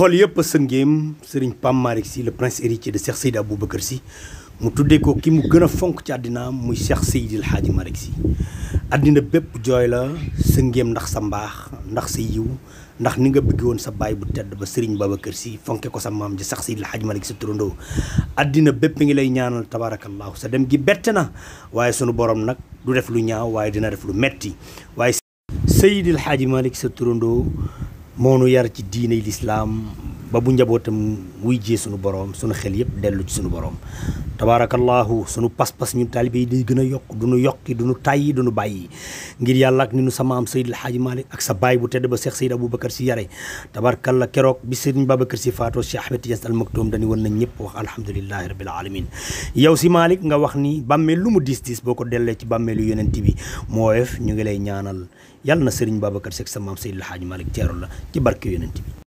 xool yëpp sëngéem sëriñ Pam Malick Sy le prince héritier de Cheikh Seydi Aboubacar Sy mu tuddee ko ki mu gën a fonk ci àddinaam muy Cheikh Seydi El Hadji Malick Sy àddina bépp jooy la sëngéem ndax sa mbaax ndax sa yiw ndax ni nga bëgg woon sa baay bu tedd ba sëriñ Babacar Sy fonke ko sa maam ji Cheikh Seydi El Hadji Malick Sy turandoo àddina bépp ngi lay ñaanal tabaarakallaahu sa dem gi bett na waaye sunu borom nag du def lu ñaaw waaye dina def lu metti waaye Seydi El Hadji Malick Sy moo nu yar ci diine lislaam ba bu njabootam wuy jee suñu boroom suñu xel yëpp dellu ci suñu boroom tabaarakallaahu sunu pas-pas ñu taalibe yi day gën a yokk duñu du duñu tàyyi du duñu bàyyi ngir yàlla ak ni nu sama am Seydil Haaji Malick ak sa baay bu tedd ba Cheikh Seyd Aboubacar si yare tabaarakalla keroog bi Serigne Babacar si faatoo Cheikh Ahmed Tidiane Al Maktoum dañu woon nañ ñëpp wax alhamdulilahi rabbil alamin yow si Malick nga wax ni bàmmee lu mu diis diis boo ko dellee ci bàmmeelu yonent bi moo woyof ñu ngi lay ñaanal yàlla na Serigne Babacar si ak sa maam Seydil Haaji Malick teeru la ci barke yonent bi